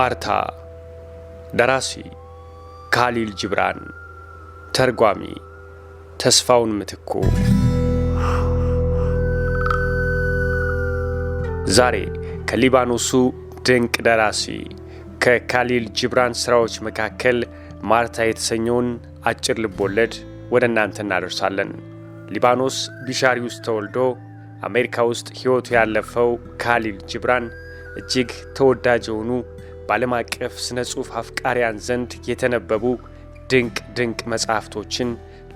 ማርታ ደራሲ ካሊል ጅብራን ተርጓሚ ተስፋውን ምትኩ ዛሬ ከሊባኖሱ ድንቅ ደራሲ ከካሊል ጅብራን ሥራዎች መካከል ማርታ የተሰኘውን አጭር ልቦለድ ወደ እናንተ እናደርሳለን። ሊባኖስ ቢሻሪ ውስጥ ተወልዶ አሜሪካ ውስጥ ሕይወቱ ያለፈው ካሊል ጅብራን እጅግ ተወዳጅ የሆኑ በዓለም አቀፍ ስነ ጽሑፍ አፍቃሪያን ዘንድ የተነበቡ ድንቅ ድንቅ መጻሕፍቶችን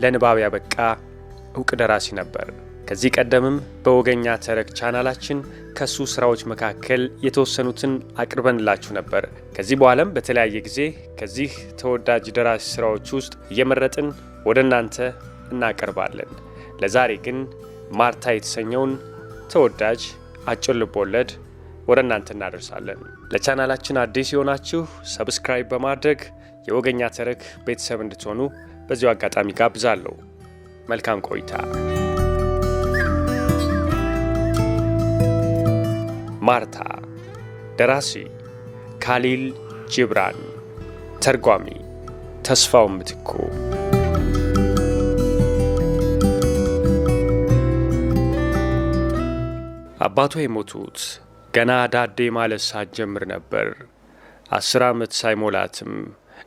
ለንባብ ያበቃ ዕውቅ ደራሲ ነበር። ከዚህ ቀደምም በወገኛ ተረክ ቻናላችን ከሱ ስራዎች መካከል የተወሰኑትን አቅርበንላችሁ ነበር። ከዚህ በኋላም በተለያየ ጊዜ ከዚህ ተወዳጅ ደራሲ ስራዎች ውስጥ እየመረጥን ወደ እናንተ እናቀርባለን። ለዛሬ ግን ማርታ የተሰኘውን ተወዳጅ አጭር ልቦለድ ወደ እናንተ እናደርሳለን። ለቻናላችን አዲስ የሆናችሁ ሰብስክራይብ በማድረግ የወገኛ ተረክ ቤተሰብ እንድትሆኑ በዚሁ አጋጣሚ ጋብዛለሁ። መልካም ቆይታ። ማርታ ደራሲ ካሊል ጅብራን ተርጓሚ ተስፋው ምትኩ። አባቷ የሞቱት ገና ዳዴ ማለት ሳትጀምር ነበር። አስር ዓመት ሳይሞላትም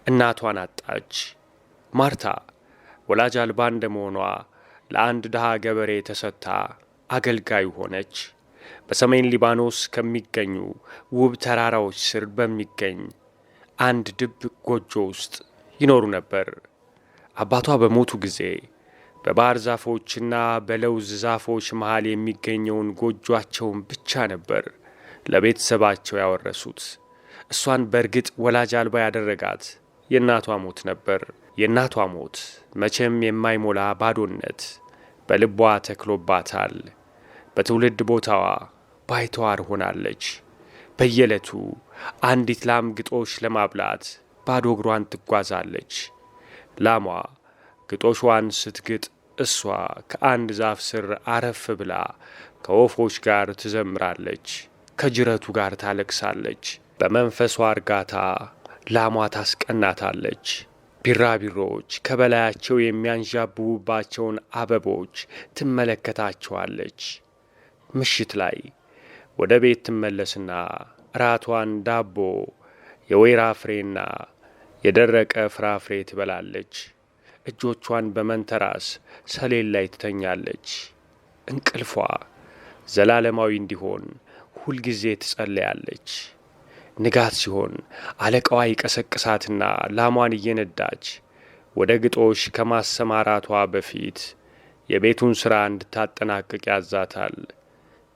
እናቷን አጣች። ማርታ ወላጅ አልባ እንደመሆኗ ለአንድ ድሃ ገበሬ ተሰጥታ አገልጋይ ሆነች። በሰሜን ሊባኖስ ከሚገኙ ውብ ተራራዎች ስር በሚገኝ አንድ ድብቅ ጎጆ ውስጥ ይኖሩ ነበር። አባቷ በሞቱ ጊዜ በባህር ዛፎችና በለውዝ ዛፎች መሃል የሚገኘውን ጎጇቸውን ብቻ ነበር ለቤተሰባቸው ያወረሱት። እሷን በእርግጥ ወላጅ አልባ ያደረጋት የእናቷ ሞት ነበር። የእናቷ ሞት መቼም የማይሞላ ባዶነት በልቧ ተክሎባታል። በትውልድ ቦታዋ ባይተዋር ሆናለች። በየዕለቱ አንዲት ላም ግጦሽ ለማብላት ባዶ እግሯን ትጓዛለች። ላሟ ግጦሿን ስትግጥ እሷ ከአንድ ዛፍ ስር አረፍ ብላ ከወፎች ጋር ትዘምራለች። ከጅረቱ ጋር ታለቅሳለች። በመንፈሷ እርጋታ ላሟ ታስቀናታለች። ቢራቢሮዎች ከበላያቸው የሚያንዣብቡባቸውን አበቦች ትመለከታቸዋለች። ምሽት ላይ ወደ ቤት ትመለስና እራቷን ዳቦ፣ የወይራ ፍሬና የደረቀ ፍራፍሬ ትበላለች። እጆቿን በመንተራስ ሰሌን ላይ ትተኛለች። እንቅልፏ ዘላለማዊ እንዲሆን ሁልጊዜ ትጸለያለች። ንጋት ሲሆን አለቃዋ ይቀሰቅሳትና ላሟን እየነዳች ወደ ግጦሽ ከማሰማራቷ በፊት የቤቱን ሥራ እንድታጠናቅቅ ያዛታል።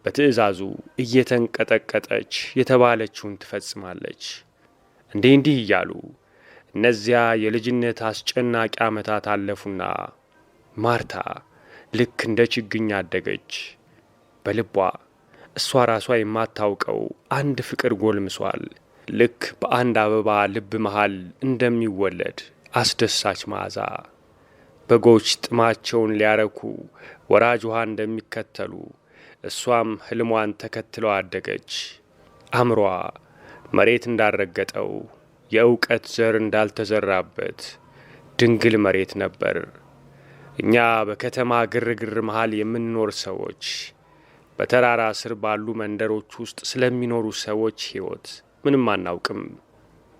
በትእዛዙ እየተንቀጠቀጠች የተባለችውን ትፈጽማለች። እንዲህ እንዲህ እያሉ እነዚያ የልጅነት አስጨናቂ ዓመታት አለፉና ማርታ ልክ እንደ ችግኝ አደገች። በልቧ እሷ ራሷ የማታውቀው አንድ ፍቅር ጎልምሷል። ልክ በአንድ አበባ ልብ መሃል እንደሚወለድ አስደሳች መዓዛ በጎች ጥማቸውን ሊያረኩ ወራጅ ውሃ እንደሚከተሉ እሷም ህልሟን ተከትለው አደገች። አእምሯ መሬት እንዳረገጠው የእውቀት ዘር እንዳልተዘራበት ድንግል መሬት ነበር። እኛ በከተማ ግርግር መሃል የምንኖር ሰዎች በተራራ ስር ባሉ መንደሮች ውስጥ ስለሚኖሩ ሰዎች ሕይወት ምንም አናውቅም።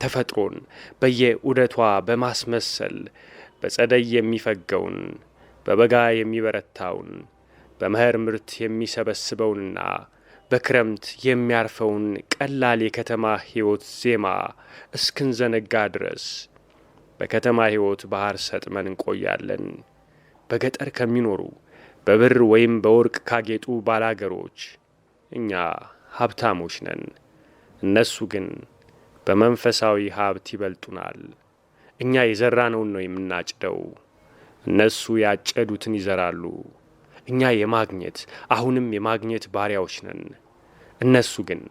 ተፈጥሮን በየዑደቷ በማስመሰል በጸደይ የሚፈገውን በበጋ የሚበረታውን በመኸር ምርት የሚሰበስበውንና በክረምት የሚያርፈውን ቀላል የከተማ ሕይወት ዜማ እስክንዘነጋ ድረስ በከተማ ሕይወት ባህር ሰጥመን እንቆያለን። በገጠር ከሚኖሩ በብር ወይም በወርቅ ካጌጡ ባላገሮች እኛ ሀብታሞች ነን። እነሱ ግን በመንፈሳዊ ሀብት ይበልጡናል። እኛ የዘራነውን ነው የምናጭደው፣ እነሱ ያጨዱትን ይዘራሉ። እኛ የማግኘት አሁንም የማግኘት ባሪያዎች ነን። እነሱ ግን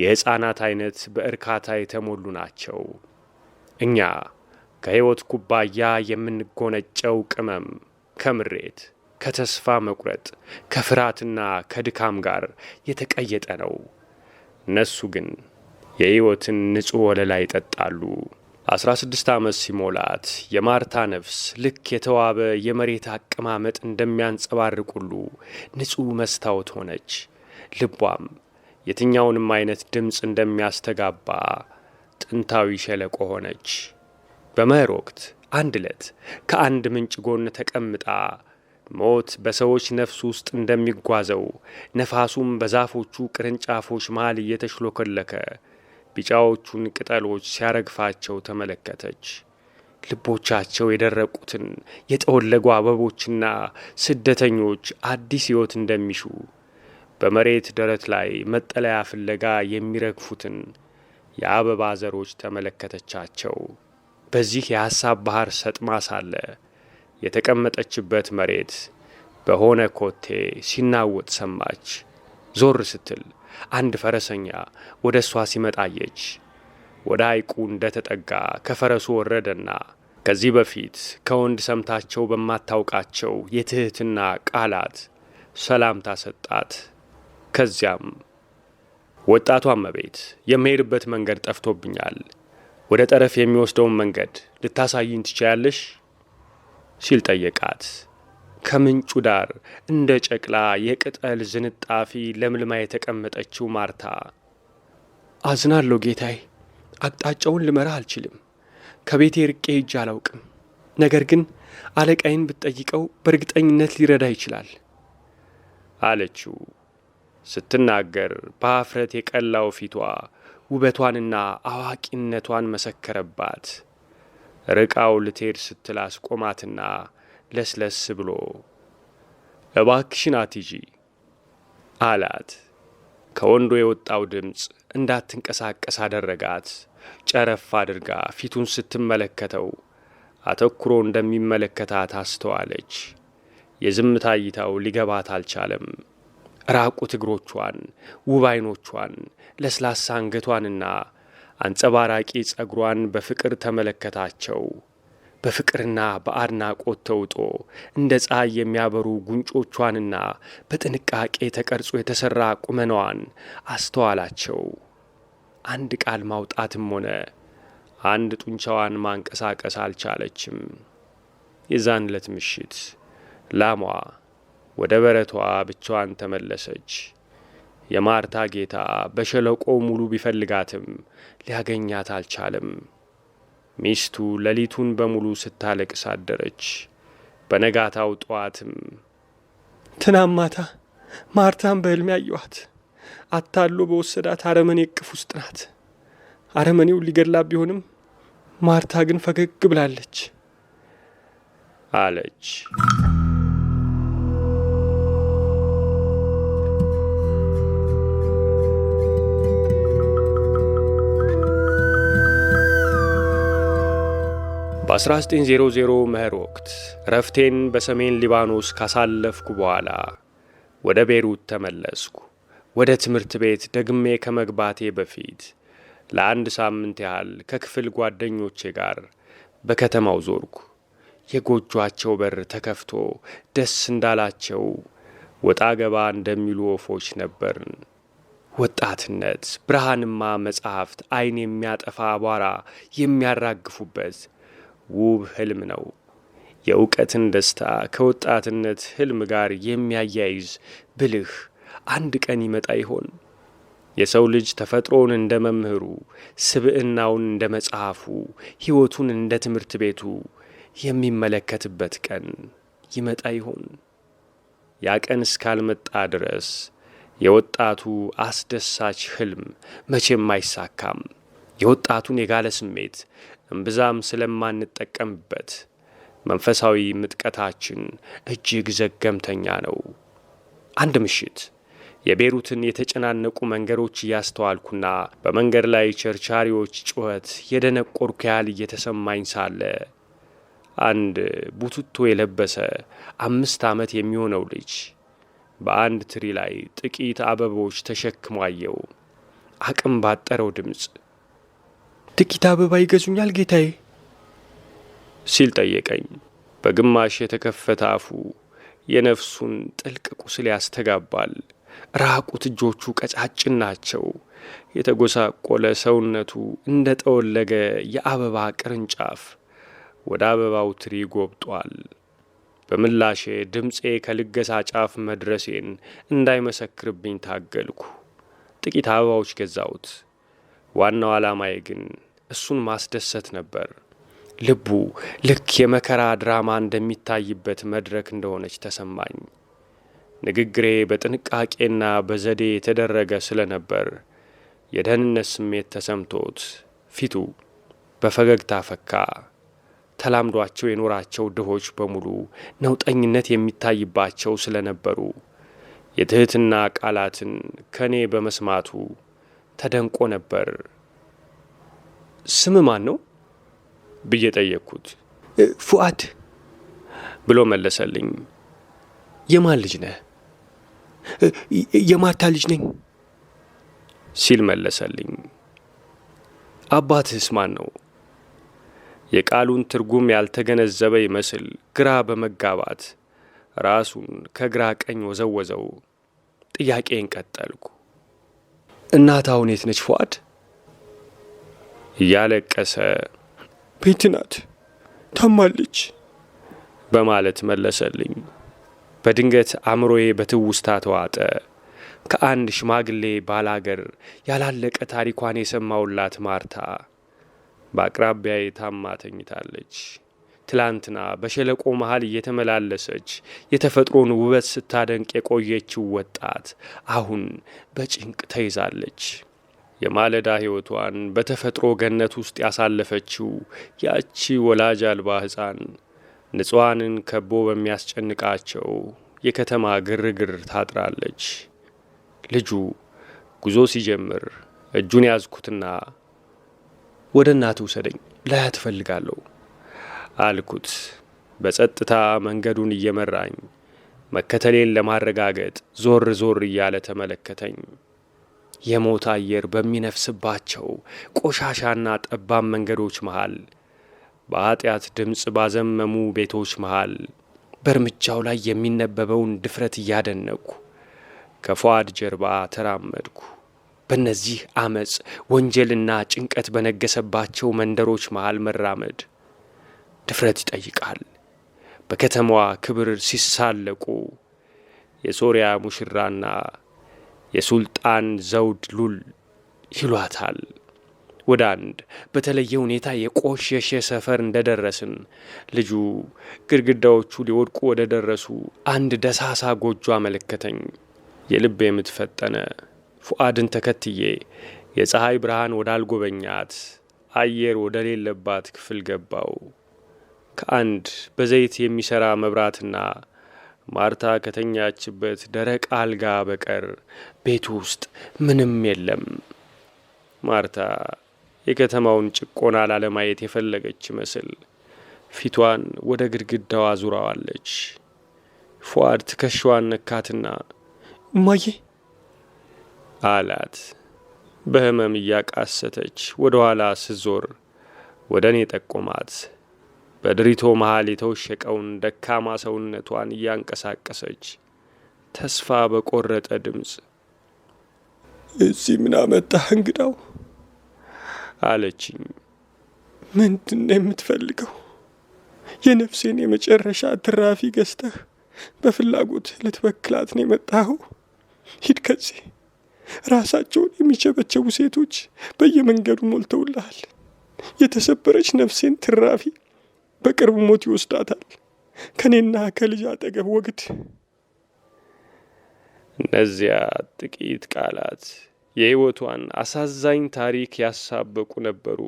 የሕፃናት ዐይነት በእርካታ የተሞሉ ናቸው። እኛ ከሕይወት ኩባያ የምንጎነጨው ቅመም ከምሬት ከተስፋ መቁረጥ ከፍርሃትና ከድካም ጋር የተቀየጠ ነው። እነሱ ግን የሕይወትን ንጹሕ ወለላ ይጠጣሉ። አስራ ስድስት ዓመት ሲሞላት የማርታ ነፍስ ልክ የተዋበ የመሬት አቀማመጥ እንደሚያንጸባርቅ ሁሉ ንጹሕ መስታወት ሆነች። ልቧም የትኛውንም አይነት ድምፅ እንደሚያስተጋባ ጥንታዊ ሸለቆ ሆነች። በመኸር ወቅት አንድ ዕለት ከአንድ ምንጭ ጎን ተቀምጣ ሞት በሰዎች ነፍስ ውስጥ እንደሚጓዘው ነፋሱም በዛፎቹ ቅርንጫፎች መሃል እየተሽሎከለከ ቢጫዎቹን ቅጠሎች ሲያረግፋቸው ተመለከተች። ልቦቻቸው የደረቁትን የጠወለጉ አበቦችና ስደተኞች አዲስ ሕይወት እንደሚሹ በመሬት ደረት ላይ መጠለያ ፍለጋ የሚረግፉትን የአበባ ዘሮች ተመለከተቻቸው። በዚህ የሐሳብ ባሕር ሰጥማ ሳለ የተቀመጠችበት መሬት በሆነ ኮቴ ሲናወጥ ሰማች። ዞር ስትል አንድ ፈረሰኛ ወደ እሷ ሲመጣ አየች። ወደ ሐይቁ እንደ ተጠጋ ከፈረሱ ወረደና ከዚህ በፊት ከወንድ ሰምታቸው በማታውቃቸው የትህትና ቃላት ሰላምታ ሰጣት። ከዚያም ወጣቷ እመቤት የምሄድበት መንገድ ጠፍቶብኛል፣ ወደ ጠረፍ የሚወስደውን መንገድ ልታሳይኝ ትችያለሽ? ሲል ጠየቃት። ከምንጩ ዳር እንደ ጨቅላ የቅጠል ዝንጣፊ ለምልማ የተቀመጠችው ማርታ አዝናለሁ ጌታዬ፣ አቅጣጫውን ልመራ አልችልም። ከቤቴ ርቄ እጅ አላውቅም። ነገር ግን አለቃይን ብትጠይቀው በእርግጠኝነት ሊረዳ ይችላል አለችው። ስትናገር በአፍረት የቀላው ፊቷ ውበቷንና አዋቂነቷን መሰከረባት። ርቃው ልትሄድ ስትል አስቆማትና ለስለስ ብሎ እባክሽን አትሂጂ አላት። ከወንዶ የወጣው ድምፅ እንዳትንቀሳቀስ አደረጋት። ጨረፍ አድርጋ ፊቱን ስትመለከተው አተኩሮ እንደሚመለከታት አስተዋለች። የዝምታ እይታው ሊገባት አልቻለም። ራቁት እግሮቿን፣ ውብ ዓይኖቿን፣ ለስላሳ አንገቷንና አንጸባራቂ ጸጉሯን በፍቅር ተመለከታቸው። በፍቅርና በአድናቆት ተውጦ እንደ ፀሐይ የሚያበሩ ጉንጮቿንና በጥንቃቄ ተቀርጾ የተሠራ ቁመናዋን አስተዋላቸው። አንድ ቃል ማውጣትም ሆነ አንድ ጡንቻዋን ማንቀሳቀስ አልቻለችም። የዛን ዕለት ምሽት ላሟ ወደ በረቷ ብቻዋን ተመለሰች። የማርታ ጌታ በሸለቆ ሙሉ ቢፈልጋትም ሊያገኛት አልቻለም። ሚስቱ ሌሊቱን በሙሉ ስታለቅስ አደረች። በነጋታው ጠዋትም ትናማታ ማታ ማርታን በሕልሜ አየኋት። አታሎ በወሰዳት አረመኔ እቅፍ ውስጥ ናት። አረመኔው ሊገድላ ቢሆንም ማርታ ግን ፈገግ ብላለች አለች። 1900 ምህር ወቅት እረፍቴን በሰሜን ሊባኖስ ካሳለፍኩ በኋላ ወደ ቤሩት ተመለስኩ። ወደ ትምህርት ቤት ደግሜ ከመግባቴ በፊት ለአንድ ሳምንት ያህል ከክፍል ጓደኞቼ ጋር በከተማው ዞርኩ። የጎጇቸው በር ተከፍቶ ደስ እንዳላቸው ወጣ ገባ እንደሚሉ ወፎች ነበርን። ወጣትነት ብርሃንማ መጽሐፍት ዐይን የሚያጠፋ አቧራ የሚያራግፉበት ውብ ህልም ነው። የእውቀትን ደስታ ከወጣትነት ህልም ጋር የሚያያይዝ ብልህ አንድ ቀን ይመጣ ይሆን? የሰው ልጅ ተፈጥሮውን እንደ መምህሩ፣ ስብዕናውን እንደ መጽሐፉ፣ ሕይወቱን እንደ ትምህርት ቤቱ የሚመለከትበት ቀን ይመጣ ይሆን? ያ ቀን እስካልመጣ ድረስ የወጣቱ አስደሳች ህልም መቼም አይሳካም። የወጣቱን የጋለ ስሜት እምብዛም ስለማንጠቀምበት መንፈሳዊ ምጥቀታችን እጅግ ዘገምተኛ ነው። አንድ ምሽት የቤሩትን የተጨናነቁ መንገዶች እያስተዋልኩና በመንገድ ላይ ቸርቻሪዎች ጩኸት የደነቆርኩ ያህል እየተሰማኝ ሳለ አንድ ቡትቶ የለበሰ አምስት ዓመት የሚሆነው ልጅ በአንድ ትሪ ላይ ጥቂት አበቦች ተሸክሞ አየው። አቅም ባጠረው ድምፅ ጥቂት አበባ ይገዙኛል ጌታዬ? ሲል ጠየቀኝ። በግማሽ የተከፈተ አፉ የነፍሱን ጥልቅ ቁስል ያስተጋባል። ራቁት እጆቹ ቀጫጭን ናቸው። የተጎሳቆለ ሰውነቱ እንደ ጠወለገ የአበባ ቅርንጫፍ ወደ አበባው ትሪ ጎብጧል። በምላሼ ድምፄ ከልገሳ ጫፍ መድረሴን እንዳይመሰክርብኝ ታገልኩ። ጥቂት አበባዎች ገዛሁት። ዋናው ዓላማዬ ግን እሱን ማስደሰት ነበር። ልቡ ልክ የመከራ ድራማ እንደሚታይበት መድረክ እንደሆነች ተሰማኝ። ንግግሬ በጥንቃቄና በዘዴ የተደረገ ስለነበር የደህንነት ስሜት ተሰምቶት ፊቱ በፈገግታ ፈካ። ተላምዷቸው የኖራቸው ድሆች በሙሉ ነውጠኝነት የሚታይባቸው ስለነበሩ የትሕትና ቃላትን ከእኔ በመስማቱ ተደንቆ ነበር። ስም ማን ነው ብዬ ጠየቅኩት። ፉአድ ብሎ መለሰልኝ። የማን ልጅ ነህ? የማርታ ልጅ ነኝ ሲል መለሰልኝ። አባትህስ ማን ነው? የቃሉን ትርጉም ያልተገነዘበ ይመስል ግራ በመጋባት ራሱን ከግራ ቀኝ ወዘወዘው። ጥያቄን ቀጠልኩ። እናት አሁን የት ነች ፉአድ? እያለቀሰ ቤት ናት ታማለች በማለት መለሰልኝ። በድንገት አእምሮዬ በትውስታ ተዋጠ። ከአንድ ሽማግሌ ባላገር ያላለቀ ታሪኳን የሰማውላት ማርታ በአቅራቢያ ታማ ተኝታለች። ትላንትና በሸለቆ መሃል እየተመላለሰች የተፈጥሮን ውበት ስታደንቅ የቆየችው ወጣት አሁን በጭንቅ ተይዛለች። የማለዳ ሕይወቷን በተፈጥሮ ገነት ውስጥ ያሳለፈችው ያቺ ወላጅ አልባ ሕፃን ንጹሐንን ከቦ በሚያስጨንቃቸው የከተማ ግርግር ታጥራለች። ልጁ ጉዞ ሲጀምር እጁን ያዝኩትና ወደ እናት ውሰደኝ ላያ ትፈልጋለሁ። አልኩት። በጸጥታ መንገዱን እየመራኝ መከተሌን ለማረጋገጥ ዞር ዞር እያለ ተመለከተኝ። የሞት አየር በሚነፍስባቸው ቆሻሻና ጠባብ መንገዶች መሃል፣ በኀጢአት ድምፅ ባዘመሙ ቤቶች መሃል በእርምጃው ላይ የሚነበበውን ድፍረት እያደነቅኩ ከፏድ ጀርባ ተራመድኩ። በእነዚህ አመፅ፣ ወንጀልና ጭንቀት በነገሰባቸው መንደሮች መሃል መራመድ ድፍረት ይጠይቃል። በከተማዋ ክብር ሲሳለቁ የሶርያ ሙሽራና የሱልጣን ዘውድ ሉል ይሏታል። ወደ አንድ በተለየ ሁኔታ የቆሸሸ ሰፈር እንደደረስን ልጁ ግድግዳዎቹ ሊወድቁ ወደ ደረሱ አንድ ደሳሳ ጎጆ አመለከተኝ። የልቤ የምትፈጠነ ፉአድን ተከትዬ የፀሐይ ብርሃን ወዳልጎበኛት አየር ወደሌለባት ክፍል ገባው። ከአንድ በዘይት የሚሠራ መብራትና ማርታ ከተኛችበት ደረቅ አልጋ በቀር ቤቱ ውስጥ ምንም የለም። ማርታ የከተማውን ጭቆና ላለማየት የፈለገች ይመስል ፊቷን ወደ ግድግዳዋ ዙራዋለች። ፏድ ትከሻዋን ነካትና እማዬ አላት። በህመም እያቃሰተች ወደ ኋላ ስዞር ወደ እኔ ጠቆማት። በድሪቶ መሃል የተወሸቀውን ደካማ ሰውነቷን እያንቀሳቀሰች ተስፋ በቆረጠ ድምፅ እዚህ ምን አመጣህ እንግዳው? አለችኝ። ምንድን የምትፈልገው? የነፍሴን የመጨረሻ ትራፊ ገዝተህ በፍላጎት ልትበክላት ነው የመጣኸው? ሂድ ከዚህ። ራሳቸውን የሚቸበቸቡ ሴቶች በየመንገዱ ሞልተውልሃል። የተሰበረች ነፍሴን ትራፊ በቅርብ ሞት ይወስዳታል። ከእኔና ከልጅ አጠገብ ወግድ። እነዚያ ጥቂት ቃላት የሕይወቷን አሳዛኝ ታሪክ ያሳበቁ ነበሩ።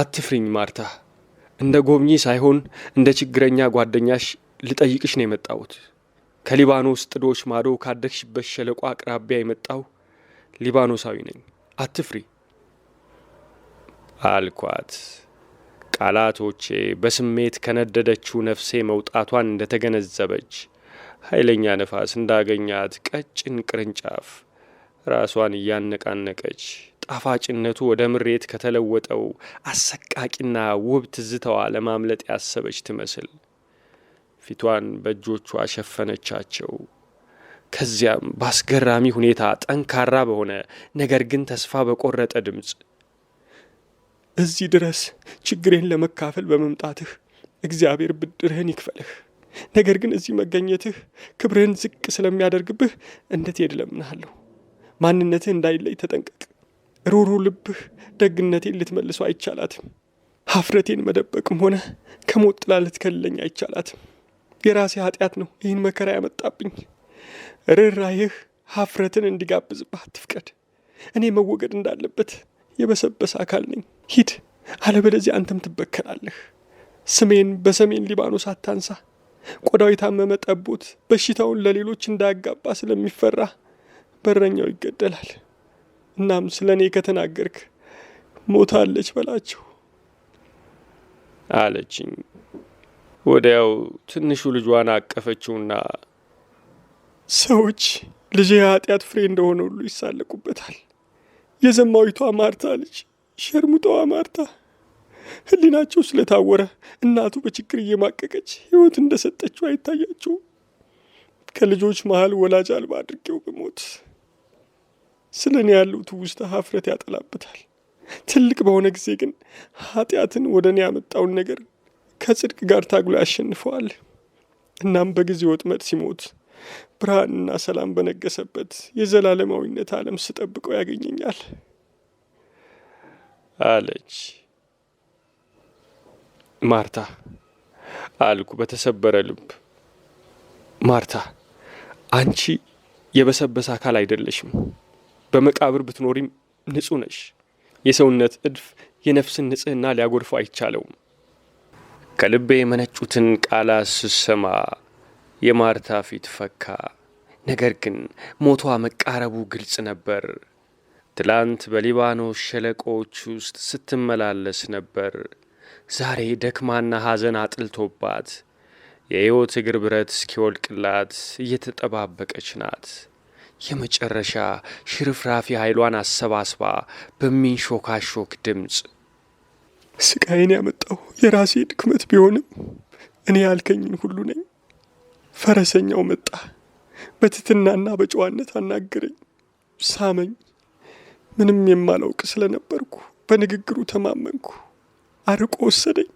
አትፍሪኝ ማርታ፣ እንደ ጎብኚ ሳይሆን እንደ ችግረኛ ጓደኛሽ ልጠይቅሽ ነው የመጣሁት። ከሊባኖስ ጥዶች ማዶ ካደግሽበት ሸለቆ አቅራቢያ የመጣው ሊባኖሳዊ ነኝ። አትፍሪ አልኳት። ቃላቶቼ በስሜት ከነደደችው ነፍሴ መውጣቷን እንደተገነዘበች ኃይለኛ ነፋስ እንዳገኛት ቀጭን ቅርንጫፍ ራሷን እያነቃነቀች ጣፋጭነቱ ወደ ምሬት ከተለወጠው አሰቃቂና ውብ ትዝታዋ ለማምለጥ ያሰበች ትመስል ፊቷን በእጆቿ ሸፈነቻቸው። ከዚያም በአስገራሚ ሁኔታ ጠንካራ በሆነ ነገር ግን ተስፋ በቆረጠ ድምፅ እዚህ ድረስ ችግሬን ለመካፈል በመምጣትህ እግዚአብሔር ብድርህን ይክፈልህ። ነገር ግን እዚህ መገኘትህ ክብርህን ዝቅ ስለሚያደርግብህ እንድትሄድ እለምንሃለሁ። ማንነትህ እንዳይለይ ተጠንቀቅ። ሩሩ ልብህ ደግነቴን ልትመልሰው አይቻላትም። ሀፍረቴን መደበቅም ሆነ ከሞት ጥላ ልትከልለኝ አይቻላትም። የራሴ ኃጢአት ነው ይህን መከራ ያመጣብኝ። ርኅራኄህ ሀፍረትን እንዲጋብዝብህ አትፍቀድ። እኔ መወገድ እንዳለበት የበሰበሰ አካል ነኝ። ሂድ፣ አለበለዚያ አንተም ትበከላለህ። ስሜን በሰሜን ሊባኖስ አታንሳ። ቆዳው የታመመ ጠቦት በሽታውን ለሌሎች እንዳያጋባ ስለሚፈራ በረኛው ይገደላል። እናም ስለ እኔ ከተናገርክ ሞታለች በላቸው አለችኝ። ወዲያው ትንሹ ልጇን አቀፈችውና ሰዎች ልጄ የኃጢአት ፍሬ እንደሆነ ሁሉ ይሳለቁበታል የዘማዊቷ ማርታ ልጅ ሸርሙጠዋ ማርታ ህሊናቸው ስለታወረ እናቱ በችግር እየማቀቀች ህይወት እንደሰጠችው አይታያቸው ከልጆች መሀል ወላጅ አልባ አድርጌው በሞት ስለ እኔ ያለው ትውስታ ሀፍረት ያጠላበታል። ትልቅ በሆነ ጊዜ ግን ኃጢአትን ወደ እኔ ያመጣውን ነገር ከጽድቅ ጋር ታግሎ ያሸንፈዋል። እናም በጊዜ ወጥመድ ሲሞት ብርሃንና ሰላም በነገሰበት የዘላለማዊነት ዓለም ስጠብቀው ያገኘኛል አለች ማርታ አልኩ በተሰበረ ልብ። ማርታ አንቺ የበሰበሰ አካል አይደለሽም። በመቃብር ብትኖሪም ንጹህ ነሽ። የሰውነት እድፍ የነፍስን ንጽህና ሊያጎድፈው አይቻለውም። ከልቤ የመነጩትን ቃላት ስሰማ የማርታ ፊት ፈካ። ነገር ግን ሞቷ መቃረቡ ግልጽ ነበር። ትላንት በሊባኖስ ሸለቆዎች ውስጥ ስትመላለስ ነበር። ዛሬ ደክማና ሐዘን አጥልቶባት የሕይወት እግር ብረት እስኪወልቅላት እየተጠባበቀች ናት። የመጨረሻ ሽርፍራፊ ኃይሏን አሰባስባ በሚንሾካሾክ ድምፅ ስቃይን ያመጣው የራሴ ድክመት ቢሆንም እኔ ያልከኝን ሁሉ ነኝ ፈረሰኛው መጣ። በትትናና በጨዋነት አናገረኝ፣ ሳመኝ። ምንም የማላውቅ ስለነበርኩ በንግግሩ ተማመንኩ። አርቆ ወሰደኝ።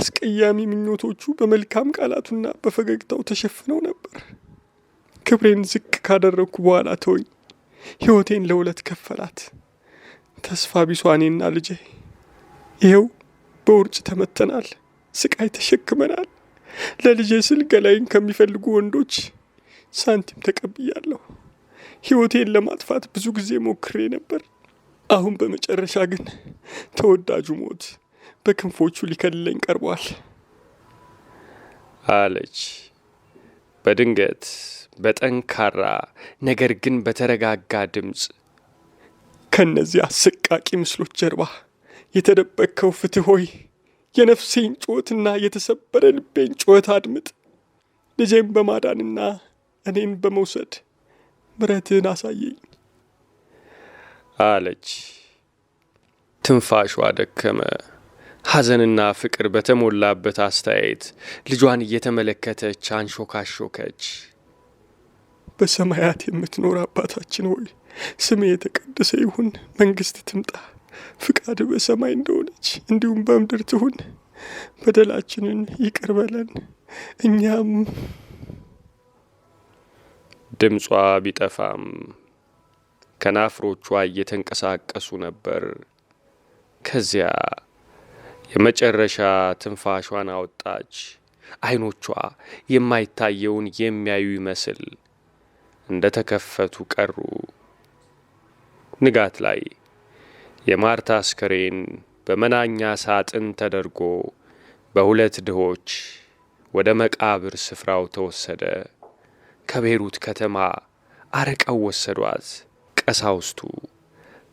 አስቀያሚ ምኞቶቹ በመልካም ቃላቱና በፈገግታው ተሸፍነው ነበር። ክብሬን ዝቅ ካደረግኩ በኋላ ተወኝ። ሕይወቴን ለሁለት ከፈላት፣ ተስፋ ቢሷ እኔና ልጄ። ይኸው በውርጭ ተመተናል፣ ስቃይ ተሸክመናል። ለልጄ ስል ገላይን ከሚፈልጉ ወንዶች ሳንቲም ተቀብያለሁ። ሕይወቴን ለማጥፋት ብዙ ጊዜ ሞክሬ ነበር። አሁን በመጨረሻ ግን ተወዳጁ ሞት በክንፎቹ ሊከልለኝ ቀርቧል አለች። በድንገት በጠንካራ ነገር ግን በተረጋጋ ድምፅ ከእነዚህ አሰቃቂ ምስሎች ጀርባ የተደበቅከው ፍትህ ሆይ የነፍሴን ጩኸትና የተሰበረ ልቤን ጩኸት አድምጥ። ልጄን በማዳንና እኔን በመውሰድ ምረትን አሳየኝ አለች። ትንፋሿ ደከመ። ሐዘንና ፍቅር በተሞላበት አስተያየት ልጇን እየተመለከተች አንሾካሾከች። በሰማያት የምትኖር አባታችን ሆይ ስሜ የተቀደሰ ይሁን፣ መንግሥት ትምጣ ፍቃድ በሰማይ እንደሆነች እንዲሁም በምድር ትሁን። በደላችንን ይቅር በለን እኛም ድምጿ ቢጠፋም ከናፍሮቿ እየተንቀሳቀሱ ነበር። ከዚያ የመጨረሻ ትንፋሿን አወጣች። ዓይኖቿ የማይታየውን የሚያዩ ይመስል እንደ ተከፈቱ ቀሩ። ንጋት ላይ የማርታ አስከሬን በመናኛ ሳጥን ተደርጎ በሁለት ድሆች ወደ መቃብር ስፍራው ተወሰደ። ከቤሩት ከተማ አርቀው ወሰዷት። ቀሳውስቱ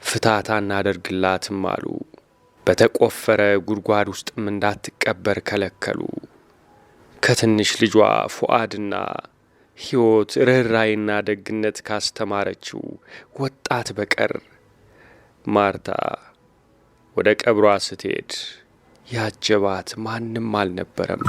ፍታታ እናደርግላትም አሉ። በተቆፈረ ጉድጓድ ውስጥም እንዳትቀበር ከለከሉ። ከትንሽ ልጇ ፉአድና ሕይወት ርኅራይና ደግነት ካስተማረችው ወጣት በቀር ማርታ ወደ ቀብሯ ስትሄድ ያጀባት ማንም አልነበረም።